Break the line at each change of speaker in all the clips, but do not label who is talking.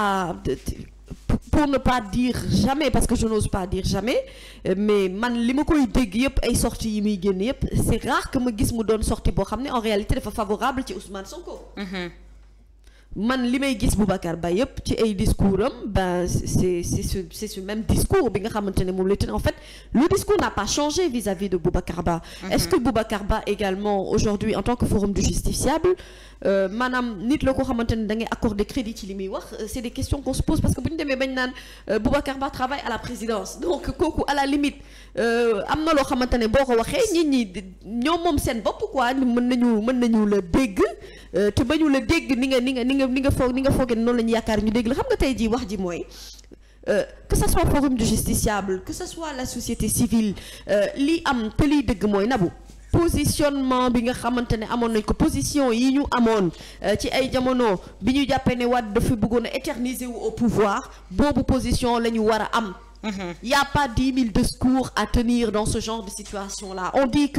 à pour ne pas dire jamais parce que je n'ose pas dire jamais euh, mais man li ma koy dégg yëpp ay sorties yi muy génn yëpp c'est rare que ma gis mu doon sortie boo xam ne en réalité dafa favorable ci Ousmane Sonko. Mm-hmm. man li may gis Boubacar Ba yëpp ci ay discours am ba c'est c'est ce c'est ce même discours bi nga xamante ne moom la en fait le discours n'a pas changé vis-à-vis de Boubacar Ba mm-hmm. est-ce que Boubacar Ba également aujourd'hui en tant que forum du justiciable euh, maanaam nit la ko xamante ne da ngay accorder crédit ci li muy wax euh, c'est des questions qu'on se pose parce que bu ñu demee bañ naan euh, Ba travaille à la présidence donc kooku à la limite euh, am na loo xamante ne boo ko waxee nit ñi ñoom moom seen bopp quoi mën nañu mën nañu la dégg Euh, te ba la dégg ni nga ni nga ni nga ni nga foog ni nga foogee noonu la ñu yaakaar ñu dégg la xam nga tey jii wax ji mooy euh, que ce soit forum du justiciable que ce soit la société civile euh, li am te liy dëgg mooy nabu positionnement bi nga xamante ne amoon nañ ko position yi ñu amoon ci ay jamono bi ñu jàppee ne Wade dafa bëggoon a éterniser wu au pouvoir boobu position la ñu war a am. Mm-hmm. y' a pas dix mille discours à tenir dans ce genre de situation là on dit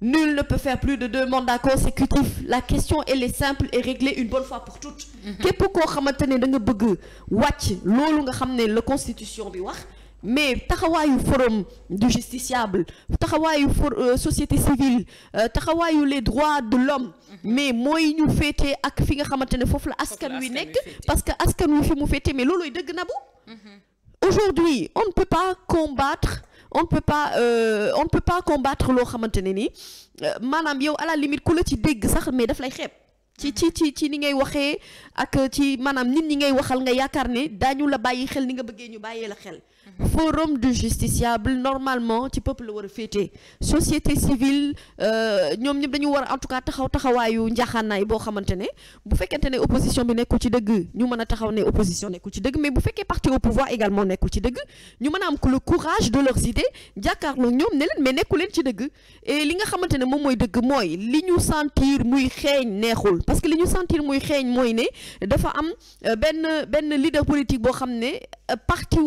Nul ne peut faire plus de deux mandats consécutifs la question elle est simple et réglée une bonne fois pour toutes. Mhm. képp koo xamante ne da nga bëgg wàcc loolu nga xam ne la constitution bi wax mais taxawaayu forum du justiciable taxawaayu for euh, société civile euh, taxawaayu les droits de l'homme mhm. mais mooy ñu féete ak fi nga xamante ne foofu la askan wi nekk parce que askan wi fi mu féete mais loolooy dëgg na bu mhm. aujourd'hui on ne peut pas combattre on ne peut pas euh, on ne pas combattre loo xamante ne nii euh, maanaam yow à la limite ku la ci dégg sax mais daf lay xeeb. ci ci ci ci ni ngay waxee ak ci maanaam nit ñi ngay waxal nga yaakaar ne daañu la bàyyi xel ni nga bëggee ñu bàyyee la xel. Mhm. forum du justiciable normalement ci peuple la war a féetee société civile euh, ñoom ñëpp dañu war a en tout cas taxaw taxawaayu njaaxaanaay boo xamante ne bu fekkente ne opposition bi nekkul ci dëgg ñu mën a taxaw ne opposition nekkul ci dëgg mais bu fekkee parti au pouvoir également nekkul ci dëgg ñu mën a am le courage de leurs idées jàkkaarloo ñoom ne leen mais nekkul leen ci dëgg li nga xamante ne moom mooy dëgg mooy li ñu sentir muy xeeñ neexul parce que li ñu sentir xeeñ mooy ne dafa am euh, benn benn leader politique boo xam ne euh, parti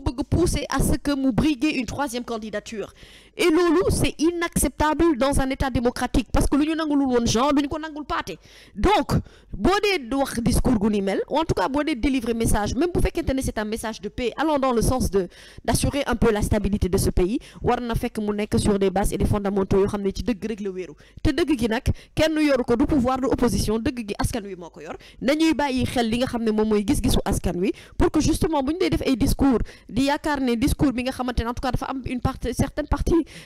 ko bëgg pousser à ce que mu briguer une troisième candidature et loolu c'est inacceptable dans un état démocratique parce que lu ñu nangulul woon genre lu ñu ko nangul paate donc boo dee wax discours gu ni mel ou en tout cas boo dee délivrer message même bu fekkente ne c'est un message de paix allant dans le sens de d'assurer un peu la stabilité de ce pays war na fekk mu nekk sur des bases et des fondamentaux yoo xam ne ci dëgg rek la te dëgg gi nag kenn yoru ko du pouvoir du opposition dëgg gi askan wi moo ko yor nañuy li nga xam ne moom mooy gis-gisu askan wi pour nga am une partie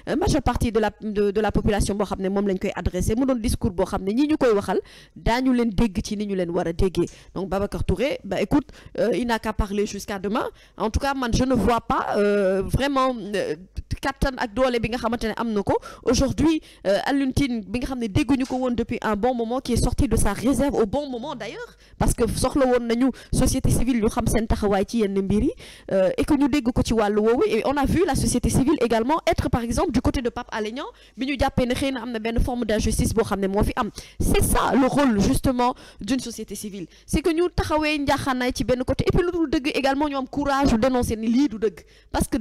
Euh, majeure partie de la de, de la population boo xam ne moom lañ koy adressé mu doon discours boo xam ne ñi ñu koy waxal daañu leen dégg ci ni ñu leen war a déggee donc Babacar Touré bah écoute euh, il n'a qu'à parler jusqu'à demain en tout cas man je ne vois pas euh, vraiment kattan ak doole bi nga xamante ne am na ko aujourd'hui euh, Alioune bi nga xam ne dégguñu ko woon depuis un bon moment qui est sorti de sa réserve au bon moment d'ailleurs parce que soxla woon nañu société civile yu xam seen taxawaay ci yenn mbir yi euh, et que ñu dégg ko ci wàllu woowu et on a vu la société civile également être par exemple du côté de Pape Alé Niang bi ñu jàppee ne xëy na am na benn forme d'injustice boo xam ne moo fi am c'est ça le rôle justement d'une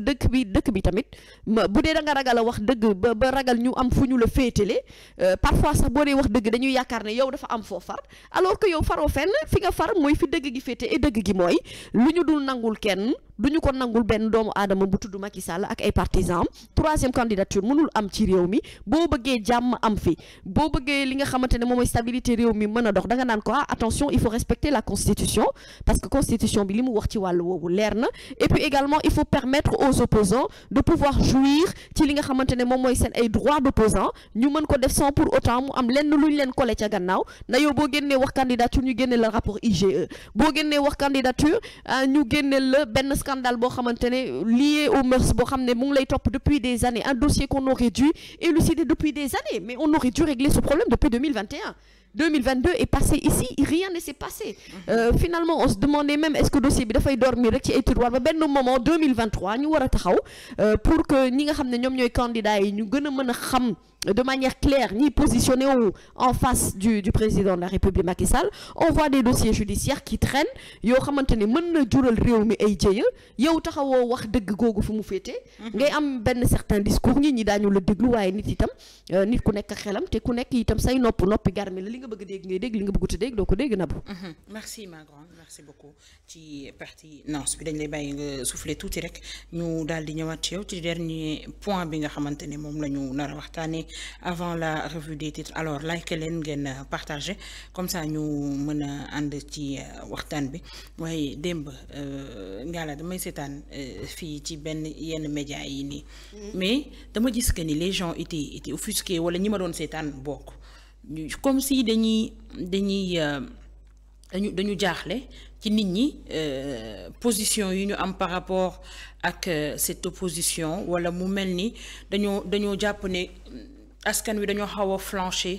dëkk bi tamit bu dee da nga ragal a wax dëgg ba ragal ñu am fu ñu la féetale euh, parfois sax boo dee wax dëgg dañuy yaakaar ne yow dafa am foo far alors que yow faroo fen fi nga far mooy fi dëgg gi féete et dëgg gi mooy lu ñu dul nangul kenn du ñu ko nangul benn doomu adama bu tudd Macky Sall ak ay partisans am troisième candidature mënul am ci réew mi boo bëggee jàmm am fi boo bëggee li nga xamante ne moom mooy stabilité réew mi mën a dox danga nga naan ko ah attention il faut la constitution parce que constitution bi li mu wax ci wàllu woowu leer na jouir ci li nga xamante ne moom mooy seen ay droit d'opposant ñu mën ko def sans pour autant mu am lenn lu ñu leen collé ca gannaaw na yow boo génnee wax candidature ñu génne la rapport IGE boo génnee wax candidature euh, ñu génne la benn scandale boo xamante ne lié aux mœurs boo xam ne mu ngi lay topp depuis des années un dossier qu'on aurait dû élucider depuis des années mais on aurait dû régler ce problème depuis 2022 est passé ici rien ne s'est passé euh, finalement on se demandait même est-ce que dossier bi dafay dormir rek ci ay tiroir ba benn moment ñu war a taxaw euh, pour que ñi nga xam ne ñoom ñooy candidats yi ñu gën a mën a xam de manière claire ni positionnés wu en face du président de la République Macky Sall on voit des dossiers judiciaires yoo xamante ne mën na jural réew mi ay jëya yow taxawoo wax dëgg googu fu mu féete. Mhm. ngay am benn certain discours nit ñi daañu la déglu waaye nit itam euh, nit ku nekk xelam te ku nekk itam say nopp noppi garmi la li nga bëgg dégg ngay dégg li nga bëggut a dégg doo ko dégg nabu. Mhm.
merci ma merci beaucoup ci pertinence bi dañ lay bàyyi nga souffler tuuti rek ñu daal di ñëwaat ci bi nga xamante ne moom la ñu nar a waxtaanee avant la revue des titres alors like leen ngeen euh, partagé comme ça ñu mën a ànd ci euh, waxtaan bi waaye démb euh, ngaala damay seetaan fii ci benn yenn média yi nii mm-hmm. mais dama gis que ni les gens étaient étaient offusqués wala ñi ma doon seetaan bokk comme si dañuy dañuy dañu dañu jaaxle ci nit ñi position yu ñu am par rapport ak cette opposition wala mu mel ni dañoo dañoo jàpp ne askan wi dañoo xaw a flanché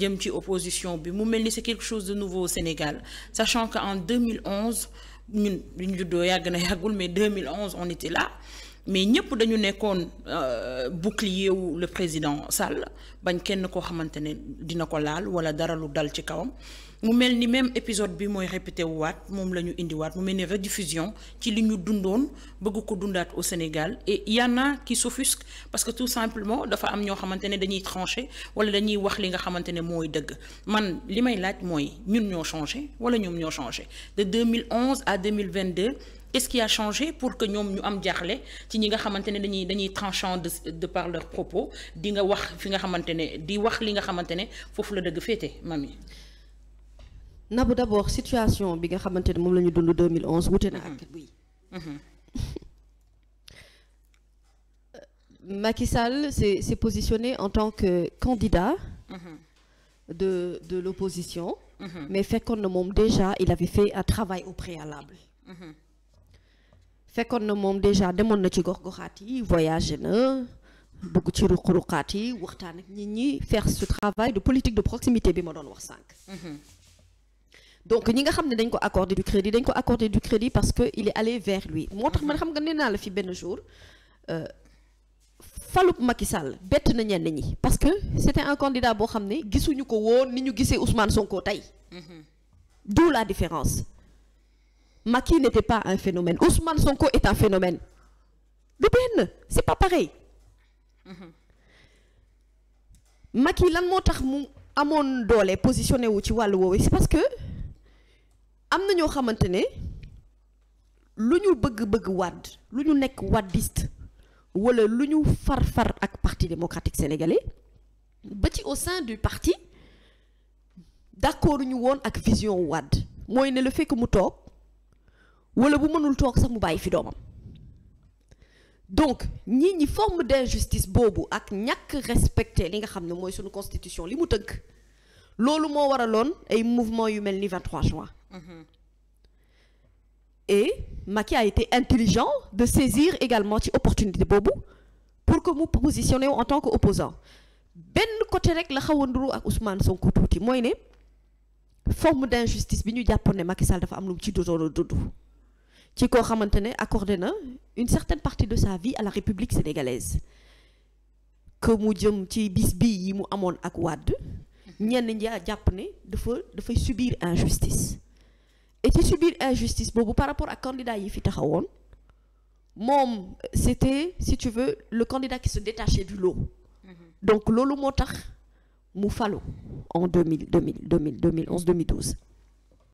jëm ci opposition bi mu mel ni c'est quelque chose de nouveau au Sénégal sachant que en 2011 ñun li ñu juddoo yàgg na yàggul mais 2011 on était là mais ñëpp dañu nekkoon euh, bouclier wu le président Sall bañ kenn koo xamante ne dina ko laal wala dara lu dal ci kawam. mu mel ni même épisode bi mooy répété wu waat moom la ñu indiwaat mu mel ni rediffusion ci li ñu dundoon bëgg ko dundaat au Sénégal et y en a parce que tout simplement dafa am ñoo xamante ne dañuy tranché wala dañuy wax li nga xamante ne mooy dëgg man li may laaj mooy ñun ñoo changé wala ñoom ñoo changé de 2011 à 2022 qu'est-ce qui a changé pour que ñoom ñu am jaaxle ci ñi nga xamante ne dañuy dañuy tranchant de de par leurs propos di nga wax fi nga xamante ne di wax li nga xamante ne foofu la dëgg féete mami
nabu d' abord situation bi nga xamante ne moom la ñu dund 2011 wute na ak mhm.
buy mhm.
Euh, Macky Sall s'est s'est positionné en tant que candidat mhm. de l'opposition mais fekkoon na moom déjà il avait fait un travail au préalable fekkoon na moom déjà demoon na ci gox-goxaat yi voyagé na dugg ci ruq-ruqaat yi waxtaan ak ñi ñi faire ce travail de politique de proximité bi ma doon wax
sànq
donc ñi nga xam ne dañ ko accordé du crédit dañ ko accordé du crédit parce que il est allé vers lui moo tax man xam nga nee naa la fi benn jour euh, falub Macky Sall bett na ñenn ñi parce que c'était un candidat boo xam ne gisuñu ko woon ni ñu gisee Ousmane Sonko tey mm-hmm. d'où la différence Macky n'était pas un phénomène Ousmane Sonko est un phénomène du benn c'est pas pareil mm-hmm. Macky lan moo tax mu amoon doolee positionné wu ci wàll woowu c'est parce que am na ñoo xamante ne lu ñu bëgg-bëgg wadd lu ñu nekk wàddiste wala lu ñu far-far ak parti démocratique sénégalais ba ci au sein du parti d'accord ñu woon ak vision wàdd mooy ne lu fekk mu toog wala bu mënul toog sax mu bàyyi fi doomam donc ñii ñi forme d'injustice boobu ak ñàkk respecter li nga xam ne mooy suñu constitution li mu tënk loolu moo waraloon ay mouvement yu mel ni 23 juin Mm-hmm. et Macky a été intelligent de saisir également ci opportunité boobu pour que mu positionné wu en tant que opposant benn côté rek la xaw a nduru ak Ousmane Sonko tuuti mooy ne forme d'injustice bi ñu jàppoon ne Macky Sall dafa am lu mu ci dodoon dudd ci koo xamante ne accordé na une certaine partie de sa vie à la République sénégalaise que mu jëm ci bis bi yi mu amoon ak Wade mm-hmm. ñenn ñi jàpp ne dafa dafay subir injustice et ci subir injustice boobu par rapport ak candidat yi fi taxawoon moom c'était si tu veux le candidat qui se détachait du lot mm-hmm. donc loolu moo tax mu falu en 2000 2000 2000 2011 2012